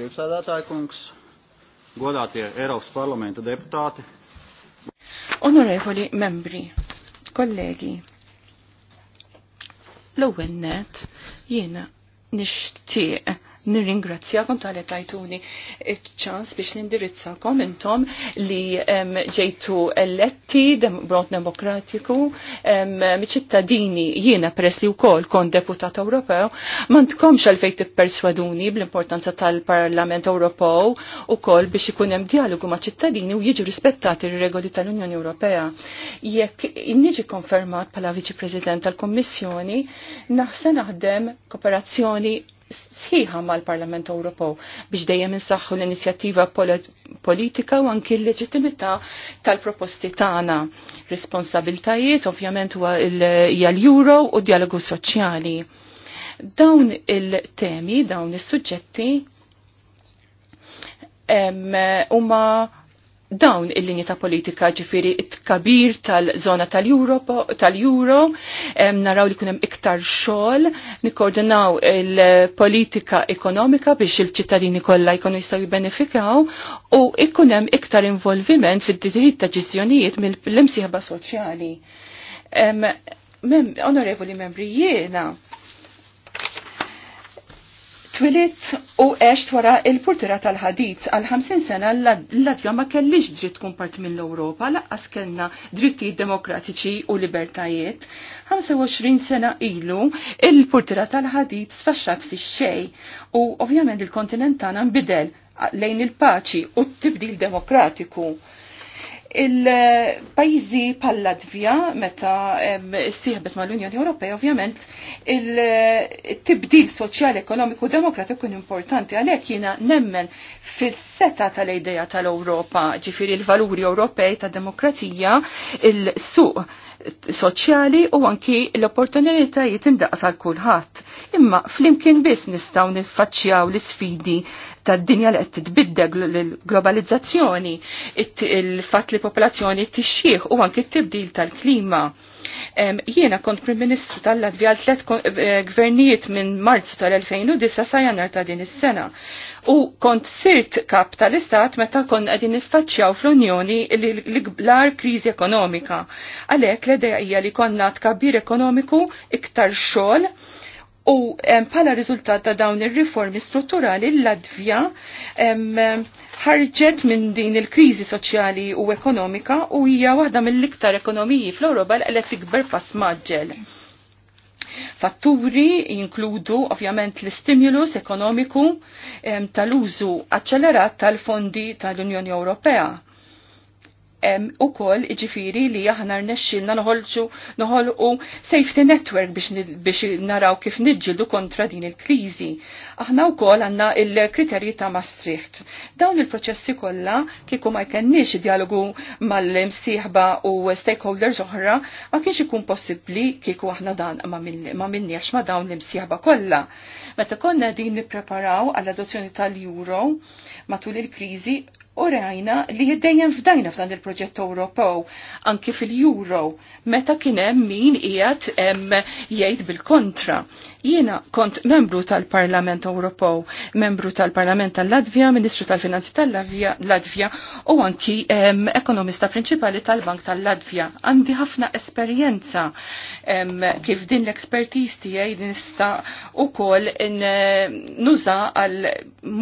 Priekšsēdētāji kungs, godātie Eiropas parlamenta deputāti. Onorevoli membri, kollegi, l-ewwel net jiena nixtieq nirringrazzjakom tal-li tajtuni ċans biex nindirizzakom intom li ġejtu eletti brot demokratiku ċittadini jiena press li wkoll kon deputat Ewropew ma ntkomx għalfejn tipperswaduni bl-importanza tal-Parlament Ewropew ukoll biex ikun hemm dialogu ma' ċittadini u jiġu rispettati r-regoli tal-Unjoni Ewropea. Jekk inniġi konfermat bħala Viċi President tal-Kommissjoni, naħse naħdem kooperazzjoni sħiħa mal-Parlament Ewropew biex dejjem insaħħu l-inizjattiva politika u anki l-leġittimità tal-proposti tagħna. Responsabiltajiet ovvjament huwa l-euro u dialogu soċjali. Dawn il-temi, dawn is-suġġetti huma dawn il-linji ta' politika ġifiri it-kabir tal-zona tal-Euro, tal-Euro, naraw li kunem iktar xol, nikordinaw il-politika ekonomika biex il-ċittadini kollha jkunu jistgħu jibbenefikaw u ikunem iktar involviment fid-diritt ta' ġizjonijiet mill-imsieħba soċjali. Mem, onorevoli membri, jiena twilit u għext wara il-purtira tal-ħadit għal 50 sena l latvija ma kellix dritt kumpart mill-Europa, laqqas kellna dritti demokratiċi u libertajiet. 25 sena ilu il-purtira tal-ħadit sfasċat fi xej u ovvjament il-kontinent tagħna nbidel lejn il-paċi u t-tibdil demokratiku Il-pajzi pal-Latvija, meta s-sieħbet ma l-Unjoni Ewropea, ovvjament, il-tibdil soċjali, ekonomiku, demokratiku kien importanti għalhekk jiena nemmen fil-seta tal-ideja tal-Ewropa, ġifieri l-valuri Ewropej ta' demokrazija, il-suq soċjali u anki l-opportunitajiet indaqs għal kulħadd. Imma flimkien biss nistgħu niffaċċjaw l-isfidi tad-dinja li qed titbiddel l-globalizzazzjoni, il-fatt li popolazzjoni tixxieħ u anki t-tibdil tal-klima. Jiena kont Prim Ministru tal-Latvija tliet gvernijiet minn Marzu tal-2009 sa jannar ta' din is-sena. U kont sirt kap tal-Istat meta kon qegħdin niffaċċjaw fl-Unjoni l-gbar kriżi ekonomika. Għalhekk l-ideja hija li konna tkabbir ekonomiku iktar xogħol u pala riżultat ta' dawn ir-riformi strutturali l-Latvja ħarġet minn din il-kriżi soċjali u ekonomika u hija waħda mill-iktar ekonomiji fl-Ewropa li qed tikber pass maġġel. Fatturi jinkludu ovvjament l istimulus ekonomiku tal-użu accelerat tal-fondi tal-Unjoni Ewropea u koll iġifiri li aħna rnexxilna noħolġu noħolqu safety network biex, biex naraw kif nidġildu kontra din il-kriżi. Aħna u koll għanna il-kriterji ta' Maastricht. Dawn il-proċessi kollha kieku ma jkennix dialogu mal-imsieħba u stakeholders oħra ma kienx ikun possibbli kieku aħna dan ma minniex ma dawn l-imsieħba kollha. Meta konna din nippreparaw għall-adozzjoni tal-Euro matul il-kriżi u rajna li jiddejjem fdajna f'dan il-proġett Ewropew anki fil-Euro meta kien hemm min qiegħed jgħid bil-kontra. Jiena kont membru tal-Parlament Ewropew, membru tal-Parlament tal-Latvja, Ministru tal-Finanzi tal-Latvja u anki ekonomista prinċipali tal-Bank tal-Latvja. Għandi ħafna esperjenza kif din l-ekspertiż tiegħi nista' ukoll nuża għal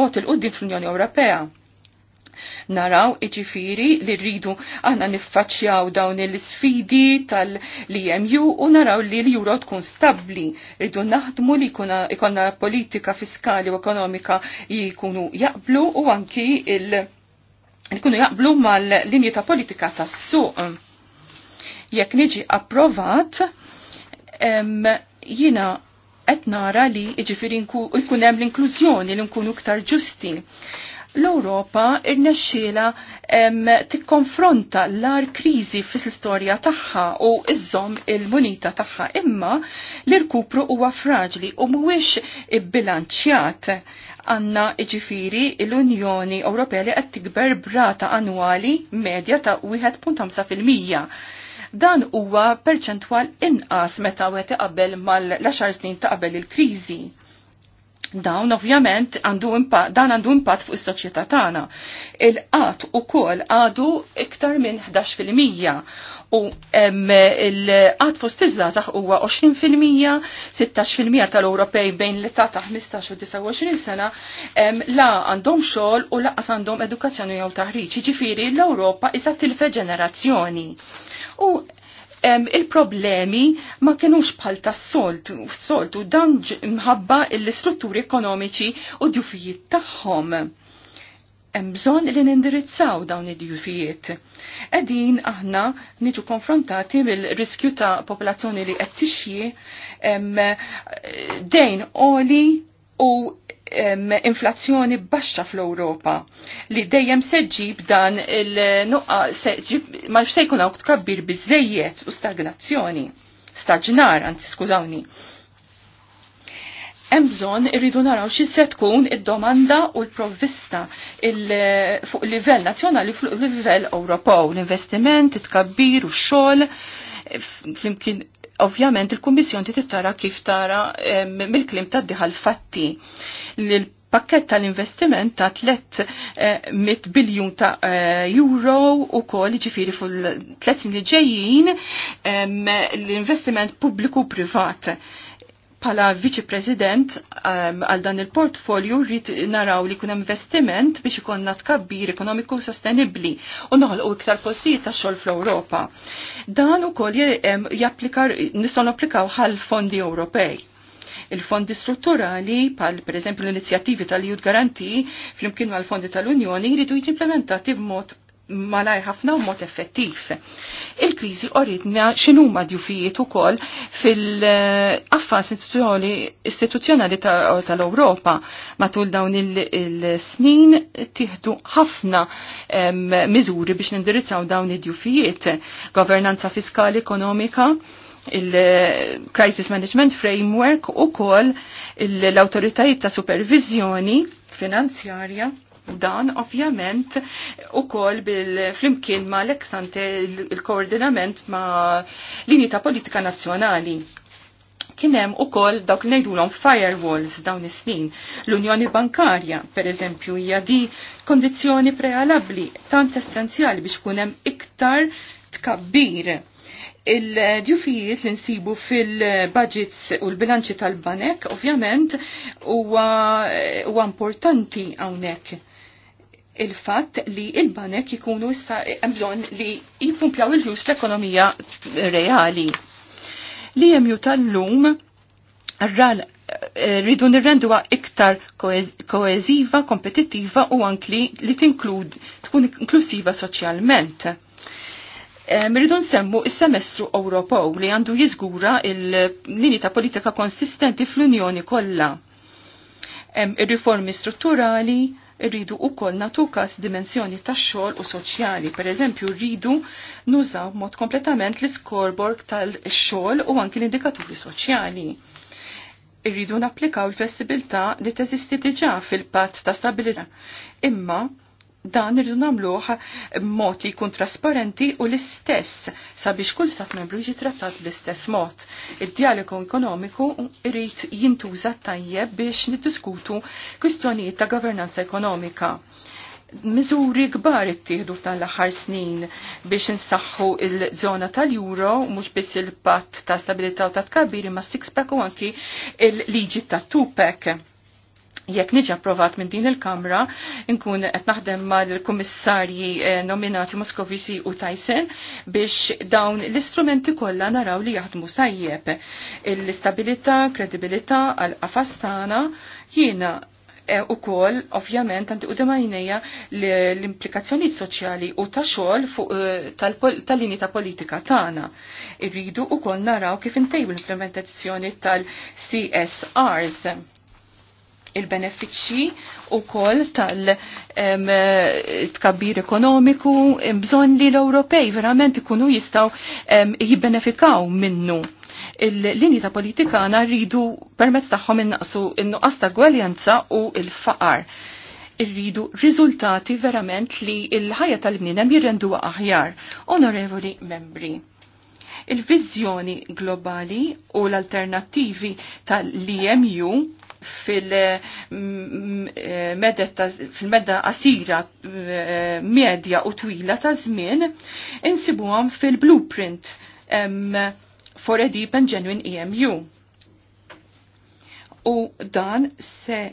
mod il-qudiem fl-Unjoni Ewropea naraw iġifiri li rridu aħna niffaċċjaw dawn il-sfidi tal-EMU u naraw li l-Euro tkun stabli. Rridu naħdmu li ikonna politika fiskali u ekonomika jikunu jaqblu u anki il- nkunu jaqblu mal-linji ta' politika tas-suq. Jekk niġi approvat, jina qed nara li jiġifieri jkun hemm l-inklużjoni li nkunu iktar ġusti l-Europa irnexxiela tikkonfronta l-ar kriżi fis-istorja tagħha u iżżomm il-munita tagħha imma l-irkupru huwa fraġli u mhuwiex ibbilanċjat għanna iġifiri l-Unjoni Ewropea li qed tikber brata annwali medja ta' 1.5% dan huwa perċentwal inqas meta wet qabel mal-10 snin ta' qabel il-kriżi Dawn ovvjament dan għandu impatt fuq is-soċjetà tagħna. Il-qatt ukoll għadu iktar minn 11% u il-qatt fost iż-żgħażagħ huwa 20%, 16% tal-Ewropej bejn l ta' 15 u 29 sena la għandhom xogħol u laqas għandhom edukazzjoni jew taħriġ. Jiġifieri l-Ewropa issa tilfe ġenerazzjoni. U il-problemi ma kienux bħal tas-solt, soltu dan mħabba l-istrutturi ekonomiċi u djufijiet tagħhom hemm bżonn li nindirizzaw dawn id-djufijiet. Qegħdin aħna niġu konfrontati bil-riskju ta' popolazzjoni li qed tixji dejn oli u inflazzjoni baxxa fl-Ewropa li dejjem se ġib dan il-nuqqa se ġib ma se jkun hawn tkabbir biżejjed u stagnazzjoni. Staġnar, anzi skużawni. Hemm bżonn irridu naraw xi se tkun id-domanda u l-provvista fuq livell nazzjonali fuq livell Ewropew, l-investiment, it-tkabbir u x-xogħol flimkien Ovvjament il-Kummissjoni tittara kif tara mill-klim ta' diħal fatti li l-pakket tal-investiment ta' 300 eh, biljun ta' eh, euro u kol ġifiri fil-3 li ġejjin l-investiment pubbliku privat pala viċi president um, għal dan il-portfolju rrit naraw li kun investiment biex ikonna tkabbir ekonomiku sostenibli u noħolqu iktar postijiet ta' xogħol fl-Ewropa. Dan ukoll japplikar nistgħu applikaw ħal fondi Ewropej il-fondi strutturali, pal per eżempju l-inizjattivi tal jud Garanti fl-imkien mal-fondi tal-Unjoni, jridu jimplementati b'mod malaj ħafna u mod effettiv. Il-krizi oridna x'inhuma djufijiet ukoll fil affa istituzzjonali tal-Ewropa matul dawn il-snin tiħdu ħafna miżuri biex nindirizzaw dawn id-djufijiet. Governanza fiskali, ekonomika, il-Crisis Management Framework u koll l-autoritajiet ta' supervizjoni finanzjarja dan ovvjament u kol bil-flimkien ma l-eksante il-koordinament ma linji ta' politika nazjonali. Kienem u kol dawk nejdulom firewalls dawn is-snin. L-Unjoni Bankarja, per eżempju, hija di kondizjoni prealabli tant essenzjali biex kunem iktar tkabbir il-djufijiet li nsibu fil-budgets u l-bilanċi tal-banek, ovvjament, huwa importanti hawnhekk il-fatt li il-banek jikunu issa bżonn li jippumpjaw il-flus l-ekonomija reali. Li jemju tal-lum rral eh, rridu nirrenduha iktar koeziva, kompetittiva u anki li tinklud tkun inklusiva soċjalment. Mridu nsemmu il-semestru Ewropew li għandu jiżgura il-linji ta' politika konsistenti fl-Unjoni kollha. il ir-riformi strutturali, rridu u koll natukas dimensjoni ta' xol u soċjali. Per eżempju, rridu nużaw mod kompletament l skorborg tal-xol u anki l-indikaturi soċjali. Irridu napplikaw l-flessibilità li teżisti diġa fil-pat ta' stabilità. Imma, dan irridu nagħmluh mod li jkun trasparenti u l-istess sabiex kull stat membru jiġi trattat bl-istess mod. Id-dialogu ekonomiku irid jintuża tajjeb biex niddiskutu kwistjonijiet ta' governanza ekonomika. Miżuri kbar ittieħdu f'dan l-aħħar snin biex insaħħu il-żona tal-Euro, mhux biss il-patt ta' stabilità u ta' tkabbir imma six-pack u anki il-liġi ta' tupek jekk niġi approvat minn din il-Kamra, nkun qed naħdem mal-Kummissarji eh, nominati Moscovici u Tyson biex dawn l-istrumenti kollha naraw li jaħdmu sajjeb. L-istabilità, kredibilità għal-qafastana jiena eh, u kol, ovvjament, għanti u demajnija l-implikazzjoni soċjali u ta' xol eh, tal linji ta' politika tana. Irridu u kol naraw kif intejbu l-implementazzjoni tal-CSRs il-benefiċċji kol tal-tkabbir ekonomiku bżonn li l-Ewropej verament ikunu jistgħu jibbenefikaw minnu il-linji ta' politikana rridu permezz tagħhom innaqsu in-nuqqas ta' gwaljanza u l-faqar. Irridu riżultati verament li l-ħajja tal-bniedem jirrenduha aħjar. Onorevoli membri, il-vizjoni globali u l-alternattivi tal-EMU fil-medda asira qasira eh, medja u twila ta' żmien insibuhom fil-blueprint for a deep and genuine EMU. U dan se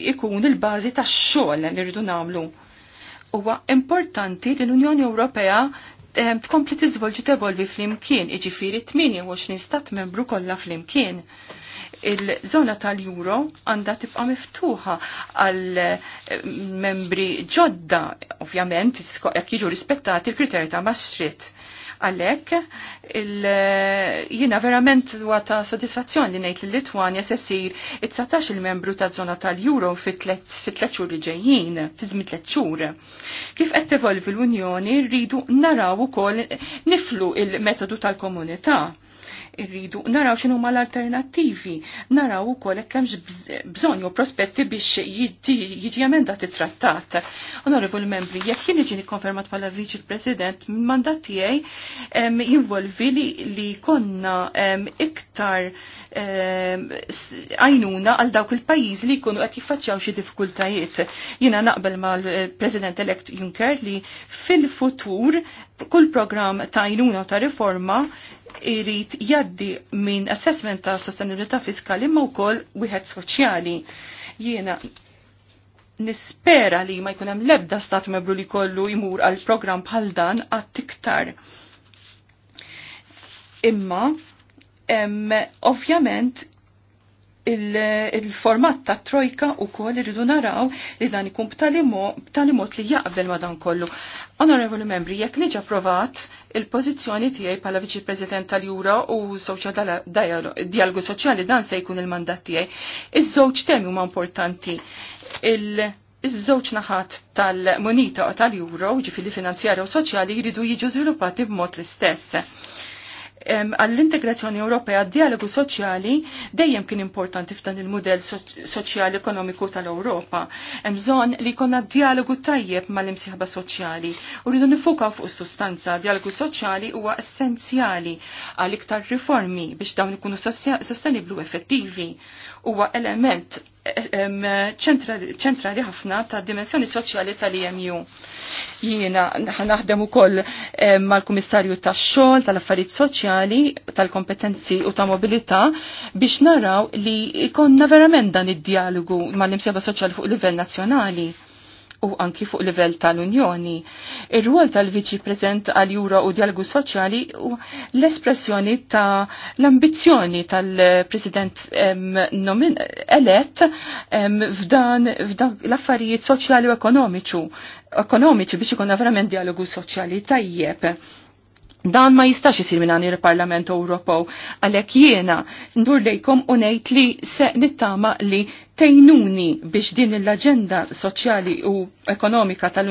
jikun il-bażi tax-xogħol li rridu nagħmlu. Huwa importanti li l-Unjoni Ewropea tkompli tiżvolġi tevolvi flimkien, iġifiri 28 stat membru kollha flimkien il-żona tal juro għandha tibqa' miftuħa għal eh, membri ġodda, ovvjament, jekk jiġu rispettati il-kriterji ta' Maastricht. Għalhekk eh, jiena verament huwa ta' sodisfazzjoni li ngħid li Litwania se ssir it satax il-membru ta' żona tal juro fit-tliet li ġejjin, fi żmien tliet xhur. Kif qed tevolvi l-Unjoni rridu naraw ukoll niflu il-metodu tal-komunità irridu naraw xinu ma l-alternattivi, naraw ukoll hekk hemm bżonn u prospetti biex jiġi emendat it-trattat. Onorevoli membri, jekk jien ġini konfermat bħala viċi president, mandat tiegħi jinvolvi li konna iktar għajnuna għal dawk il-pajjiżi li jkunu qed jiffaċċjaw xi difkultajiet. Jiena naqbel mal-President elect Juncker li fil-futur kull program ta' għajnuna ta' riforma irrit jad jaddi minn assessment ta' sostenibilità fiskali ma' wkoll wieħed soċjali. Jiena nispera li ma jkun hemm lebda stat membru li kollu jmur għal programm bħal dan għat iktar. Imma ovvjament il-format ta' trojka u koll irridu naraw li dan ikun mod li jaqbel ma dan kollu. Onorevoli membri, jekk niġa provat il-pozizjoni tiegħi bħala viċi President tal-Jura u dialogu soċjali dan se jkun il-mandat tiegħi. Iż-żewġ temi huma importanti. Il- Iż-żewġ naħat tal-monita u tal-euro, ġifili finanzjarja u soċjali, jridu jiġu żviluppati b'mod l-istess għall-integrazzjoni Ewropea dialogu soċjali dejjem kien importanti f'dan il-modell soċjali ekonomiku tal-Ewropa. Hemm bżonn li jkollna dialogu tajjeb mal-imsieħba soċjali u rridu nifukaw fuq is-sustanza. Dialogu soċjali huwa essenzjali għal iktar riformi biex dawn ikunu sostenibli u effettivi. Huwa element ċentrali ħafna ta' dimensjoni soċjali tal-IMU. Jiena naħdem ukoll mal-Kummissarju tax-xogħol tal-affarijiet soċjali, tal-kompetenzi u ta' mobilità biex naraw li ikonna verament dan id-dialogu mal-imsieba soċjali fuq livell nazzjonali u anki fuq livell tal-Unjoni. Ir-rwol tal-Viċi Prezent għal Jura u Dialgu Soċjali u l-espressjoni ta' l-ambizzjoni tal-President elett f'dan l-affarijiet soċjali u ekonomiċi biex ikonna verament dialogu soċjali tajjeb Dan ma jistax jisir minn il-Parlament Ewropew, għalhekk jiena ndur lejkom u ngħid li se nittama li tejnuni biex din l-aġenda soċjali u ekonomika tal